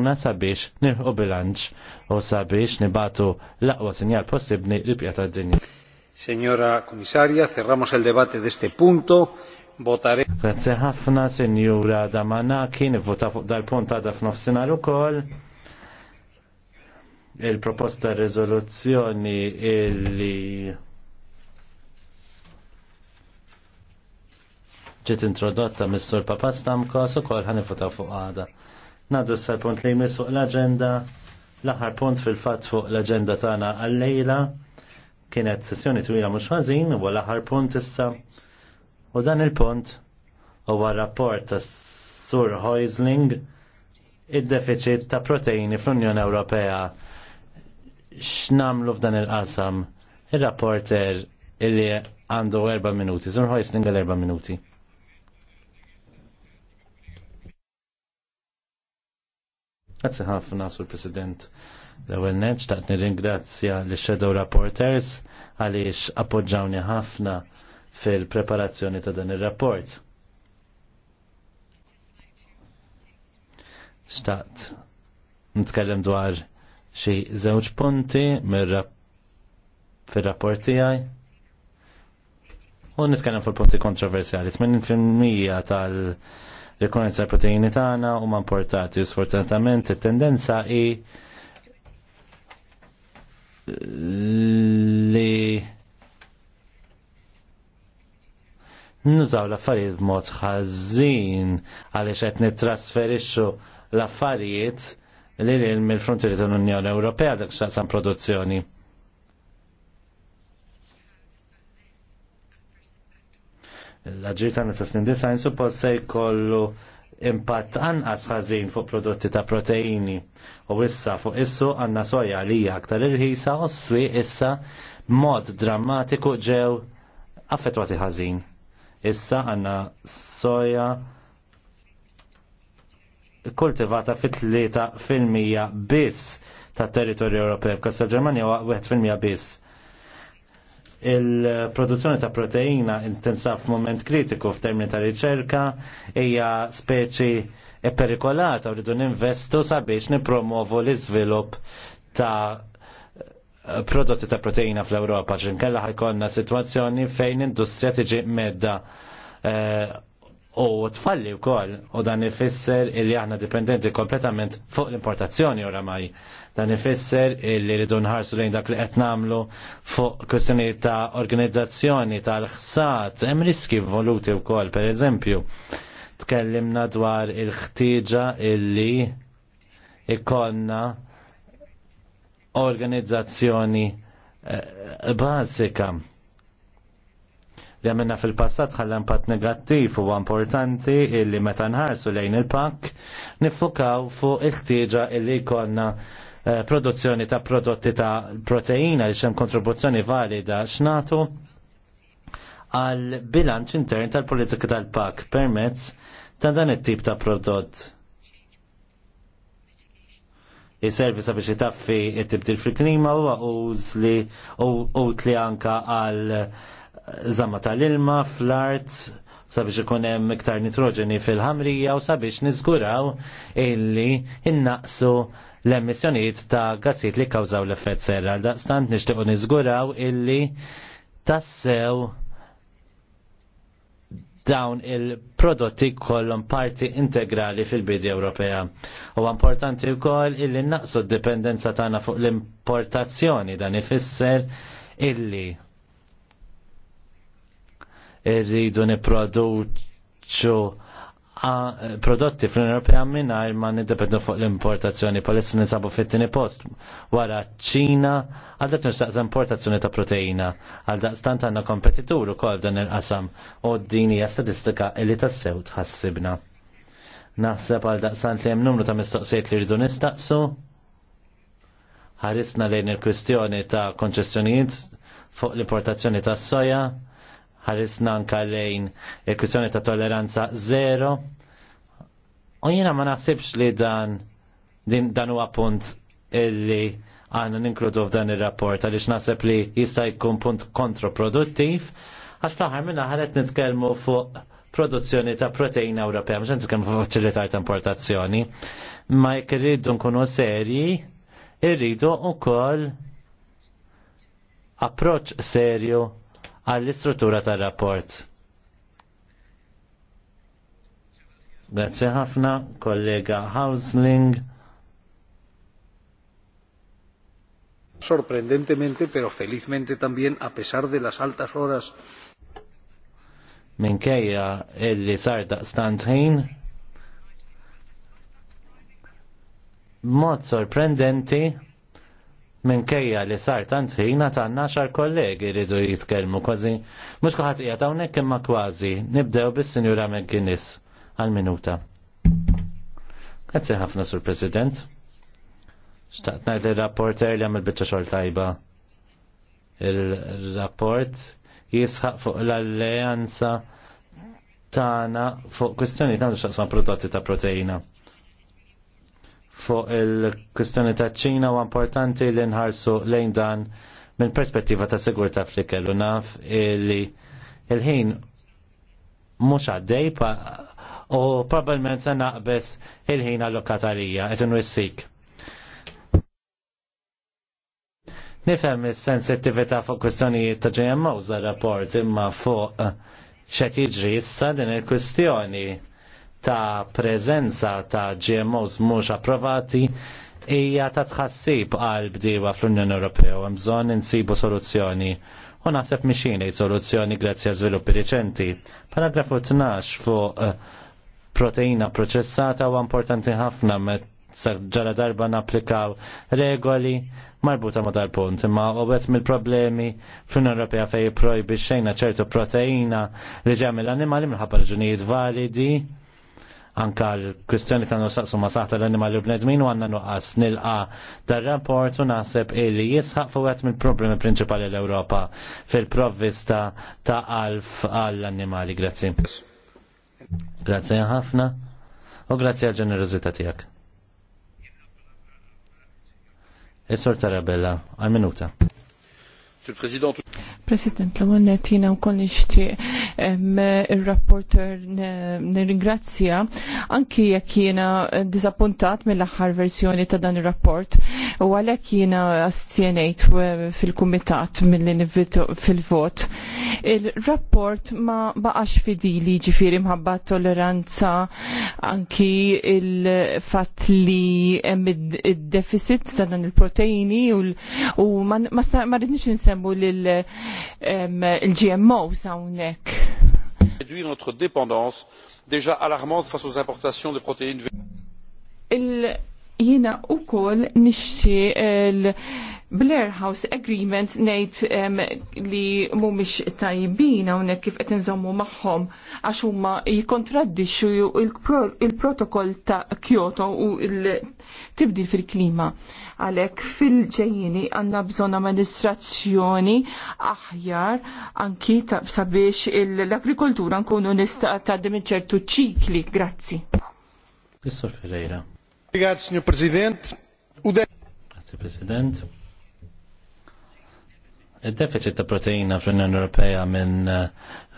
una sabiex nirħu bilanċ u sabiex nibatu l-aqwa sinjal possibli l-pjata d-dinja. Senjora Komisarja, cerramos il debate de este punto. Votare. Grazie ħafna, Senjora Damanaki, nivvota fuq dal-punt għada f'nofsinar ukoll. Il-proposta rezoluzzjoni illi ġiet introdotta mis-sur Papastamkos ukoll ħanivvota fuq għada. Nadu sal-punt li jmiss fuq l-agenda, l-aħħar punt fil-fat fuq l-agenda tagħna għal-lejla kienet sessjoni twila mhux ħażin u l-aħħar punt issa u dan il-punt huwa rapport ta' Sur Heusling id-deficit ta' proteini fl-Unjoni Ewropea x'namlu f'dan il-qasam ir-rapporter illi għandu erba' minuti, Sur Heusling għal erba' minuti. Grazie ħafna, Sur President. L-ewel neċ taqt nirringrazzja li shadow Rapporters għaliex appoġġawni ħafna fil-preparazzjoni ta' dan ir-rapport. Xtaqt nitkellem dwar xi żewġ punti fir-rapport tiegħi. U nitkellem fuq punti kontroversjali. 80% tal- L-ekonomija proteini tagħna huma importati u sfortunatament it-tendenza hi li nużaw l-affarijiet b'mod ħażin għaliex qed nittrasferixxu l-affarijiet li l mill-frontieri tal-Unjoni Ewropea dak xaqsam produzzjoni. l-aġir ta' snin design suppos se jkollu impatt anqas ħażin fuq prodotti ta' proteini u issa fuq issu għandna soja li hija aktar irħisa u s-swi issa b'mod drammatiku ġew affettwati ħażin. Issa għandna soja kultivata fit tlieta fil-mija biss tat territorju Ewropew, kassa Ġermanja huwa 1 fil-mija biss il-produzzjoni ta' proteina intensa f'moment kritiku f'termini ta' riċerka hija speċi e perikolata u rridu ninvestu sabiex nipromovu l-iżvilupp ta' prodotti ta' proteina fl ewropa ġinkella ħajkonna situazzjoni fejn industrija tiġi medda eh, u tfalli u koll u dan ifisser illi aħna dipendenti kompletament fuq l-importazzjoni oramaj. Dan ifisser illi li nħarsu lejn dak li qed namlu fuq kwestjoni ta' organizzazzjoni tal-ħsat, hemm riski voluti wkoll pereżempju. Tkellimna dwar il-ħtieġa illi ikonna organizzazzjoni eh, basika li għamilna fil-passat ħalla impatt negattiv u importanti illi meta nħarsu lejn il-pak niffukaw fuq il-ħtieġa konna jkollna eh, produzzjoni ta' prodotti ta' proteina li xem kontribuzzjoni valida x'natu għal bilanċ intern tal-politika tal-pak permezz ta' dan it-tip ta' prodott. Is-servi sabiex jitaffi it-tibdil fil-klima u għuż li u li anka għal zamma tal-ilma, fl-art, sabiex ikun hemm iktar nitroġeni fil-ħamrija u sabiex niżguraw illi innaqsu l-emissjonijiet ta' gassijiet li kkawżaw l-effett serra. Daqstant nixtiequ niżguraw illi tassew dawn il-prodotti kollhom parti integrali fil-bidi Ewropea. U importanti wkoll illi naqsu d-dipendenza tagħna fuq l-importazzjoni dan ifisser illi irridu niproduċu prodotti fl-Unjoni Ewropea mingħajr ma nindependu fuq l-importazzjoni palissa nisabu fit-tieni post wara ċina għal dak nixtaqsa importazzjoni ta' proteina għal daqstant għandna kompetitur ukoll dan il-qasam u din hija statistika li tassew tħassibna. Naħseb għal daqstant li hemm numru ta' mistoqsijiet li rridu nistaqsu ħarisna lejn il-kwistjoni ta' konċessjonijiet fuq l-importazzjoni tas soja ħarisna anka lejn il kwissjoni ta' tolleranza zero. U jiena ma naħsibx li dan din dan huwa punt illi għanna ninkludu f'dan ir-rapport għaliex naħseb li jista' jkun punt kontraproduttiv għax fl-aħħar minna ħaret nitkellmu fuq produzzjoni ta' proteina Ewropea, mhux kemm faċilitar ta' importazzjoni, ma jekk irridu nkunu serji, irridu wkoll approċċ serju għall-istruttura tal rapport Grazie ħafna, kollega Hausling. Sorprendentemente, pero felizmente también, a pesar de las altas horas. Minkejja illi sar daqstant ħin, mod sorprendenti, minkejja li sar tant ħina tanna xar kollegi rridu jitkellmu kważi mhux kulħadd qiegħed hawnhekk imma kważi nibdew bis-Sinjura McGuinness għal minuta. Grazzi ħafna sur President. Xtaqt ngħid li rapporter li għamil biċċa xogħol tajba. Il-rapport jisħaq fuq l-alleanza tagħna fuq kwistjoni tagħna x'aqsma prodotti ta' proteina fuq il-kwistjoni ta' ċina u importanti li nħarsu lejn dan minn perspettiva ta' sigurta fl u naf li il-ħin mhux għaddej u probabbilment se naqbes il-ħin allokatarija qed inwissik. Nifhem il sensittività fuq kwistjonijiet ta' GMO dar rapport imma fuq xed jiġri issa din il-kwistjoni ta' prezenza ta' GMOs mhux approvati hija ta' tħassib għal bdiewa fl-Unjoni Ewropew hemm bżonn insibu soluzzjoni. U naħseb mixin soluzzjoni grazzi għal żviluppi riċenti. Paragrafu 12 fuq eh, proteina proċessata huwa importanti ħafna meta ġara darba napplikaw regoli marbuta ma dal-punt, imma għobet mill-problemi fl-Unjoni Ewropea fej projbi xejna ċertu proteina li ġemmi l-animali minħabba raġunijiet validi anka l-kwistjoni ta' nosaqsu ma saħta l-animal u bnedmin u għanna nuqqas nilqa dar rapport u nasib illi jisħaq fuq mill-problemi prinċipali l-Europa fil-provvista ta' alf għall-animali. Grazzi. Grazzi ħafna u grazzi għal-ġenerozita tijak. is sorta Tarabella, għal-minuta. President, l għonet netina u koll nishtiq il-rapporter nir-ingrazzja anki jek jina dizappuntat mill-axar versjoni ta' dan il-rapport u għalek jina astjenejt fil-kumitat fil-vot. Il-rapport ma baqax fidili ġifiri mħabba tolleranza anki il-fat li id-deficit ta' dan il-proteini u ma rridniex nsemmu l-GMOs hawnhekk. Réduire notre dépendance déjà alarmante face aux importations de protéines. Jiena u kol nixxie l-Blair House Agreement nejt um, li mumiex tajbina unek kif qed nżommu magħhom għax huma jikkontraddixxu il-protokoll il ta' Kyoto u l tibdi fil-klima. Għalhekk fil-ġejjini għandna bżonn amministrazzjoni aħjar anki sabiex l-agrikoltura nkunu nista' ta' ċertu ċikli. Grazzi. is Ferreira. Obrigado, Presidente. Grazie, President. Il-deficit ta' proteina fl-Unjoni Ewropea minn eh,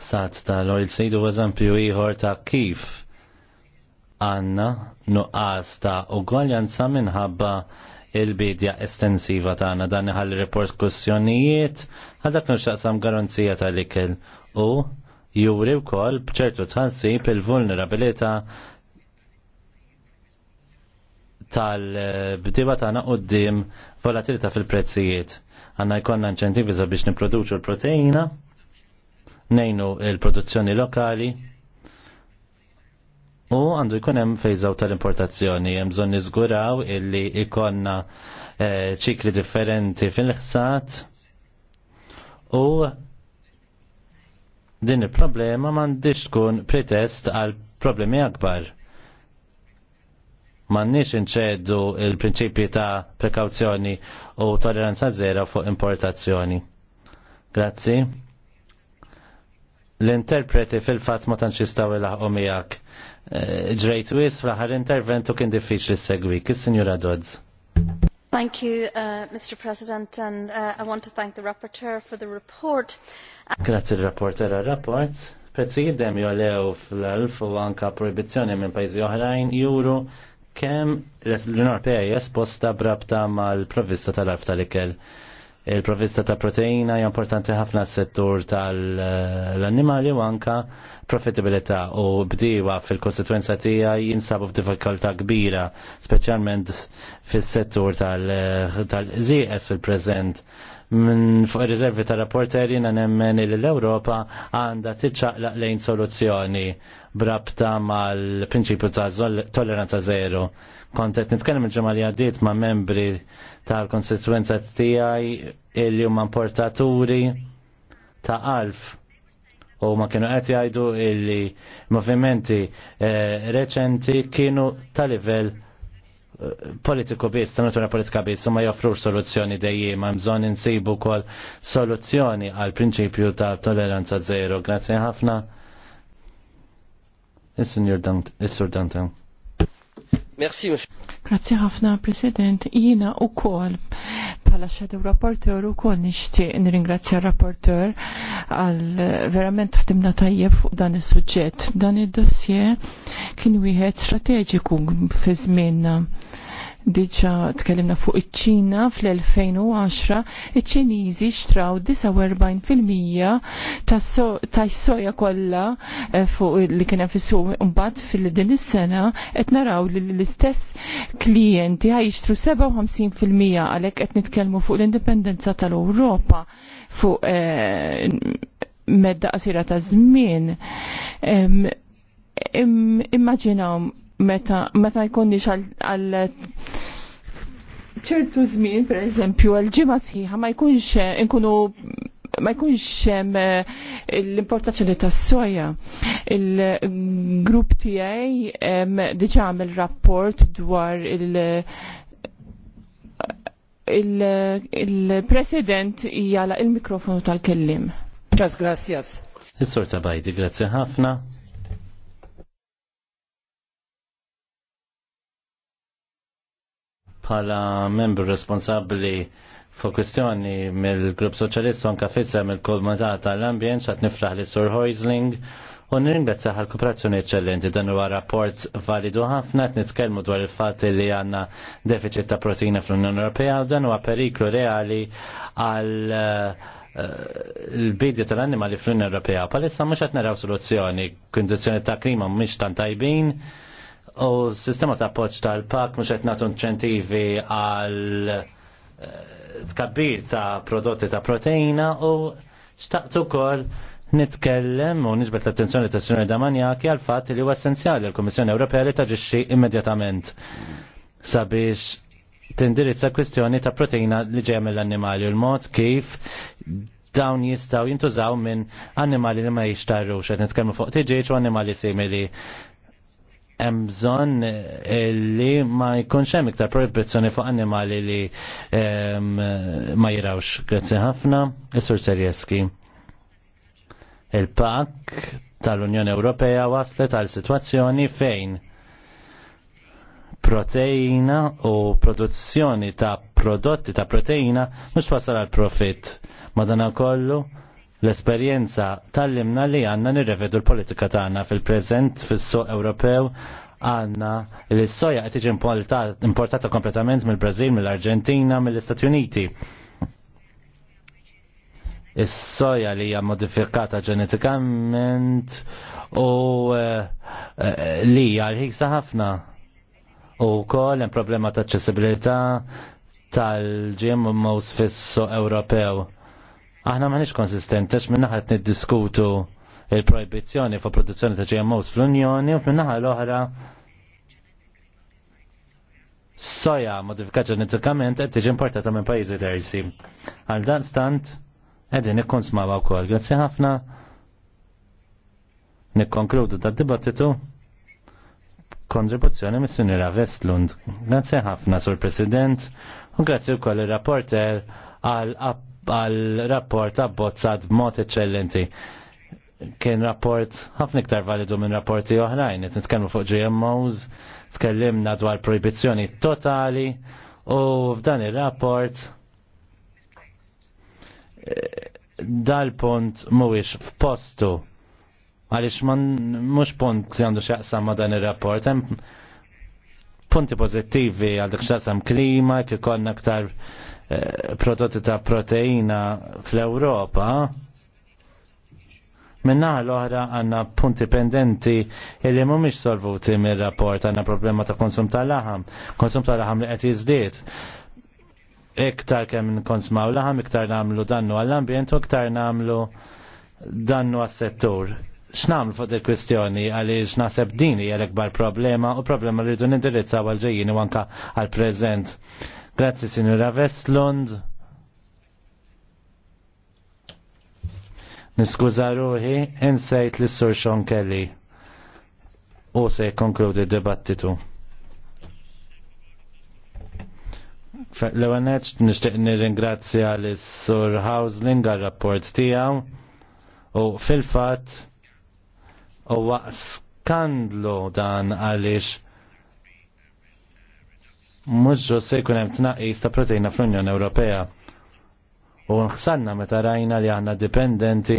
sat tal-oil seed u eżempju ieħor ta' kif għanna nuqqas ta' ugwaljanza minħabba il-bidja estensiva tagħna dan iħalli report kussjonijiet għal dak nuxtaqsam garanzija tal-ikel u juri wkoll bċertu tħassib il-vulnerabilità tal-bdiba tagħna qudiem volatilità fil-prezzijiet. Għandna jkollna inċentivi biex nipproduċu l-proteina, nejnu l-produzzjoni lokali, u għandu jkun hemm fejżaw tal-importazzjoni, hemm bżonn niżguraw illi jkonna eh, ċikli differenti fil-ħsat u din il-problema m'għandix tkun pretest għal problemi akbar n-nix inċedu il-prinċipji ta' prekawzjoni u tolleranza zero fuq importazzjoni. Grazzi. L-interpreti fil-fat ma tantx jistgħu ilaħqu miegħek. Eh, ġrejt wis fl-aħħar intervent u kien diffiċli segwi. kis sinjura Dodds. Thank you, uh, Mr. President, and uh, I want to thank the rapporteur for the report. Grazie il-rapporteur għal-rapport. Prezzi jiddem jolew fl alfu u anka proibizjoni minn pajzi oħrajn juru kemm l-Unjoni Ewropea hija esposta brabta mal-provvista tal-arf tal-ikel. Il-provvista ta' proteina hija importanti ħafna s-settur tal-annimali u anka profitabilità u bdiewa fil-kostituenza tiegħi jinsabu f'diffikultà kbira, speċjalment fis-settur tal-żieqes fil-preżent. tal fil preżent minn fuq il-rezervi ta' rapporteri na nemmen li l-Ewropa għandha tiċċaqlaq lejn soluzzjoni brabta mal-prinċipju ta' tolleranza zero. Kont qed nitkellem il-ġimgħa li għaddiet ma' membri tal-konsistenza tiegħi illi huma importaturi ta' alf u ma kienu qed jgħidu illi movimenti eh, reċenti kienu ta' livell politiku biss, ta' natura politika biss, ma joffru soluzzjoni dejjem, ma bżon insibu kol soluzzjoni għal prinċipju ta' toleranza zero. Grazie ħafna. Is-sur Dantan. Merci, Grazie ħafna, President. Jina u kol bħala shadow rapporteur u kol nishtiq nirringrazzja rapporteur għal verament ħdimna tajjeb fuq dan is-suġġett. Dan id-dossier kien wieħed strateġiku fi żmienna Diġa tkellimna fuq iċ-Ċina fl-2010, iċ-Ċiniżi xtraw 49% tas-soja kollha eh, fuq li kien hemm fis-suq mbagħad fil-din is-sena qed naraw li l-istess klijenti jixtru 57% għalhekk qed nitkellmu fuq l-indipendenza tal-Ewropa fuq eh, medda qasira ta' żmien. Immaġinaw meta meta jkunniex għal ċertu żmien, per eżempju, l-ġimgħa sħiħa ma jkunx inkunu eh, ma jkunx hemm eh, l-importazzjoni tas-soja. Il-grupp tiegħi diġà għamel rapport dwar il- il-president il jala il-mikrofonu tal-kellim. Ġas, grazzjas. il sorta bajdi, grazzi ħafna. bħala membru responsabbli fuq kwestjoni mill-Grupp Soċjalist anka fissem il-Kolmatat tal-Ambjent xat nifraħ li Sur Hoisling u nirringrazzja għal kooperazzjoni eċċellenti dan huwa rapport validu ħafna qed nitkellmu dwar il-fatt li għandna deficit ta' proteina fl-Unjoni Ewropea u dan huwa periklu reali għal eh, l-bidja tal-annimali fl-Unjoni Ewropea. Palissa mhux qed naraw soluzzjoni, kundizzjoni ta' klima mhix tant tajbin, U sistema ta' poċ tal-pak mhux qed nagħtu inċentivi għal eh, tkabbir ta' prodotti ta' proteina u xtaqtu kol nitkellem u nġbet l-attenzjoni ta' Sinjor Damanjaki għal fatt li huwa essenzjali l-Kummissjoni Ewropea li taġixxi immedjatament sabiex tindirizza kwistjoni ta' proteina li ġejja mill-annimali u l-mod kif dawn jistaw jintużaw minn annimali li ma jixtarrux, qed nitkellmu fuq tiġiġ u annimali simili hemm bżonn eh, li ma jkunx hemm iktar proibizzjoni fuq annimali li ehm, ma jirawx. Grazzi ħafna, Isur Serjeski. Il-pak tal-Unjoni Ewropea waslet għal sitwazzjoni fejn proteina u produzzjoni ta' prodotti ta' proteina mhux wasal għal profitt. Madana kollu, L-esperjenza tallimna li għanna nirrevedu l-politika tagħna fil-preżent fis-suq Ewropew għanna li s-soja qed tiġi importata kompletament mill-Brażil, mill-Arġentina, mill-Istati Uniti. Is-soja li hija modifikata ġenetikament u eh, eh, li hija rħisa ħafna. U kol hemm problema ta' ċessibilità tal-GMOs fis-suq Ewropew Aħna maħniġ konsistenti, għax minna ħat niddiskutu il-proibizjoni fuq produzzjoni ta' GMOs fl-Unjoni u minna l-oħra soja modifikat ġenetikament qed tiġi importata minn pajjiżi terzi. Għal dan stant smawa u wkoll. Grazzi ħafna. Nikkonkludu tad dibattitu kontribuzzjoni mis sinira Vestlund. Grazzi ħafna, Sur President, u grazzi wkoll ir rapporter għal app għal rapport abbozzat b'mod eċċellenti. Kien rapport ħafna iktar validu minn rapporti oħrajn, qed nitkellmu fuq GMOs, tkellimna dwar proibizzjoni totali u f'dan ir-rapport eh, dal-punt mhuwiex f'postu għaliex man mhux punt għandu x'jaqsam ma' dan ir-rapport. Hemm punti pożittivi għal dik x'jaqsam klima, kikonna konna aktar Eh, prodotti ta' proteina fl-Ewropa, Minna l-oħra għanna punti pendenti illi mumiex solvuti mir-rapport għanna problema ta' konsum tal-laħam. Konsum tal-laħam li qed jiżdied. Iktar kemm konsmaw laħam, iktar namlu dannu għall-ambjent u iktar namlu dannu għas-settur. X'namlu fuq il-kwistjoni għaliex naħseb din hija l-ikbar problema u problema li rridu nindirizzaw għal-ġejjin u anka għal-preżent. Grazzi, Signora Vestlund. Niskuża ruħi, insejt l sur Sean Kelly. U se jkonkludi dibattitu. L-għanet nishtiq nir-ingrazzja l-sur Hausling għal-rapport tijaw u fil-fat u skandlu dan għalix mhux se jkun hemm tnaqqis ta' proteina fl-Unjoni Ewropea. U nħsanna meta rajna li għanna dipendenti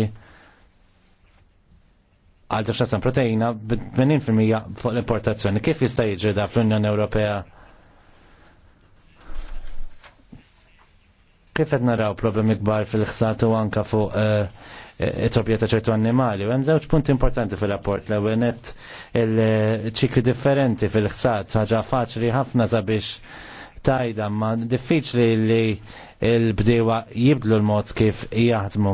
għal tifxasan proteina b-80% fuq l-importazzjoni. Kif jista' jiġri da fl-Unjoni Ewropea? Kif qed naraw problemi kbar fil-ħsatu anka fuq uh, it-tobja ta' ċertu annimali. U hemm żewġ punti importanti fil-rapport l ewwel il-ċikli differenti fil-ħsad ħaġa faċli ħafna sabiex tajda ma diffiċli li l-bdewa jibdlu l-mod kif jaħdmu.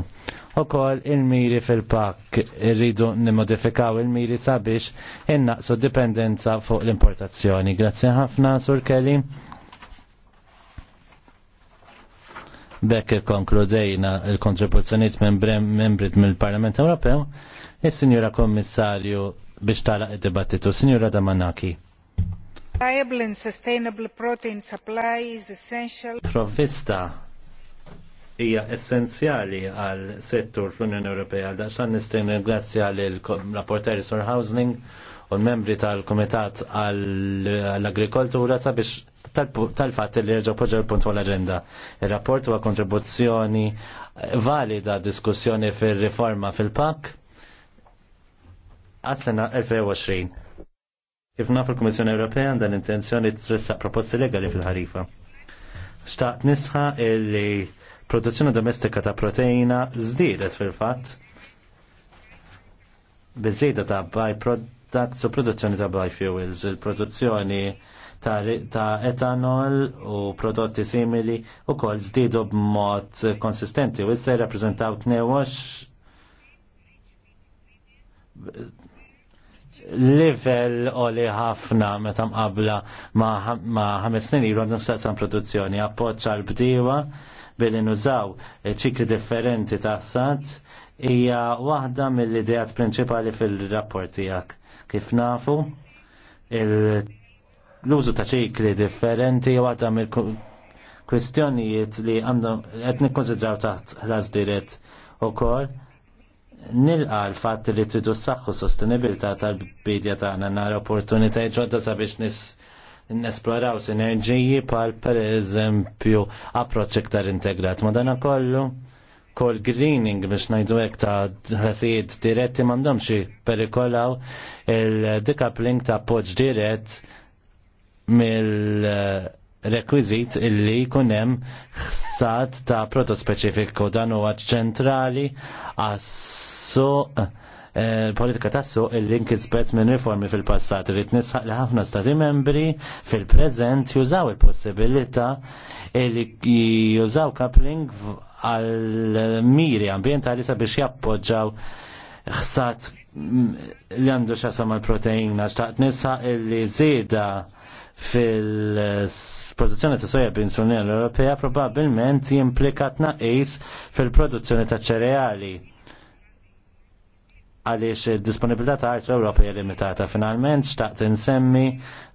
U kol il-miri fil-pak rridu nimodifikaw il-miri sabiex innaqsu dipendenza fuq l-importazzjoni. Grazie ħafna, Sur Kelly. Bekk konkludejna il-kontribuzzjoniet membrit mill-Parlament Ewropew, il-Sinjura Kommissarju biex talaq id-dibattitu. Sinjura Damanaki. Reliable and sustainable protein supply is essential. Provvista hija essenzjali għal settur fl-Unjoni Ewropea. Daċan nistgħu ringrazzja lill rapporteri Sir Housing u l-membri tal-Kumitat għall-Agrikoltura sabiex tal-fatt li rġaw poġġa l-punt l aġenda Il-rapport huwa kontribuzzjoni valida diskussjoni fil-riforma fil-PAK għas-sena 2020. Kif naf il-Kummissjoni Ewropea għandha l-intenzjoni tressaq proposti legali fil-ħarifa. Xtaqt nisħa illi produzzjoni domestika ta' proteina żdiedet fil-fatt Bizzida ta' byproduct dak su produzzjoni ta' biofuels, il-produzzjoni ta' etanol u prodotti simili u kol zdidu b'mod konsistenti u issa jirrappreżentaw newax level oli ħafna meta mqabla ma' ħames snin ilu għandhom staqsan produzzjoni appoċċa l-bdiewa billi nużaw ċikli differenti ta' sat hija waħda mill-idejat prinċipali fil-rapport tiegħek. Kif nafu, l-użu ta' ċikli differenti waħda mill-kwistjonijiet li għandhom qed nikkonsidraw taħt ħlas dirett ukoll nilqa l-fatt li tridu s-saxħu sostenibilità tal-bidja tagħna nara opportunitajiet ġodda sabiex nis nesploraw sinerġiji pal per eżempju approċċ iktar integrat. Madana kollu, kol greening biex najdu hekk ta' ħasijiet diretti m'għandhomx perikolaw il-decoupling ta' poġġ dirett mill-rekwizit illi jkun hemm ta' protospeċifiku speċifiku dan huwa ċentrali għassu suq eh, politika tassu illi nkisbet minn riformi fil-passat li tnisħaq li ħafna stati membri fil-prezent jużaw il-possibilita illi jużaw coupling għal miri ambientalista sabiex jappoġġaw ħsat li għandu xasam għal proteina xtaqt nisa li zida fil-produzzjoni ta' soja beans fl-Unjoni Ewropea probabilment jimplika tnaqis fil-produzzjoni ta' ċereali għaliex disponibilità ta' art hija limitata. Finalment xtaqt insemmi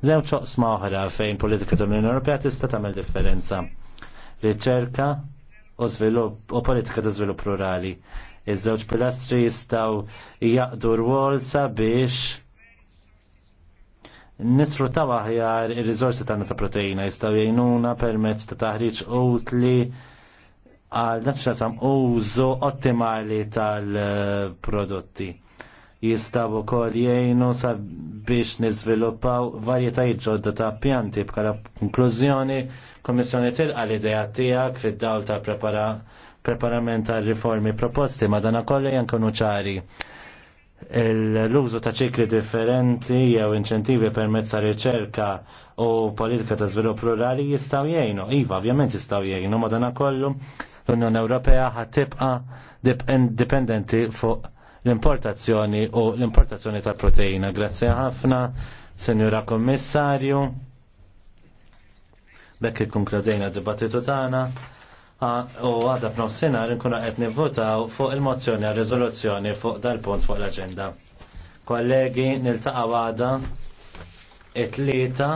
żewġ oqsma oħra fejn politika tal-Unjoni Ewropea tista' tagħmel differenza. Riċerka u żvilupp u politika ta' żvilupp rurali. Iż-żewġ pilastri jistgħu jaqdu rwol sabiex nisru ta' aħjar ir-riżorsi tagħna ta' proteina jistgħu jgħinuna permezz ta' taħriġ utli għal dak sam użu ottimali tal-prodotti. jistgħu wkoll jgħinu sabiex niżviluppaw varjetajiet ġodda ta' pjanti bħala konklużjoni Kommissjoni tilqa l-idea tiegħek fid-dawl ta' prepara preparament tal riformi proposti ma dan kollu jankunu ċari l-użu ta' ċikli differenti jew inċentivi permezz ta' riċerka u politika ta' żvilupp rurali jistgħu jgħinu. Iva, ovvjament jistgħu jgħinu ma dan kollu l-Unjoni Ewropea ħad tibqa' dipendenti fuq l-importazzjoni u l-importazzjoni ta' proteina. Grazzi ħafna, Senjura Kommissarju. Bekk konkludejna d-dibattitu tagħna u għadha f'nofsinhar inkunu qed nivvotaw fuq il-mozzjoni għal riżoluzzjoni fuq dal-punt fuq l-aġenda. Kollegi, niltaqgħu għada it-tlieta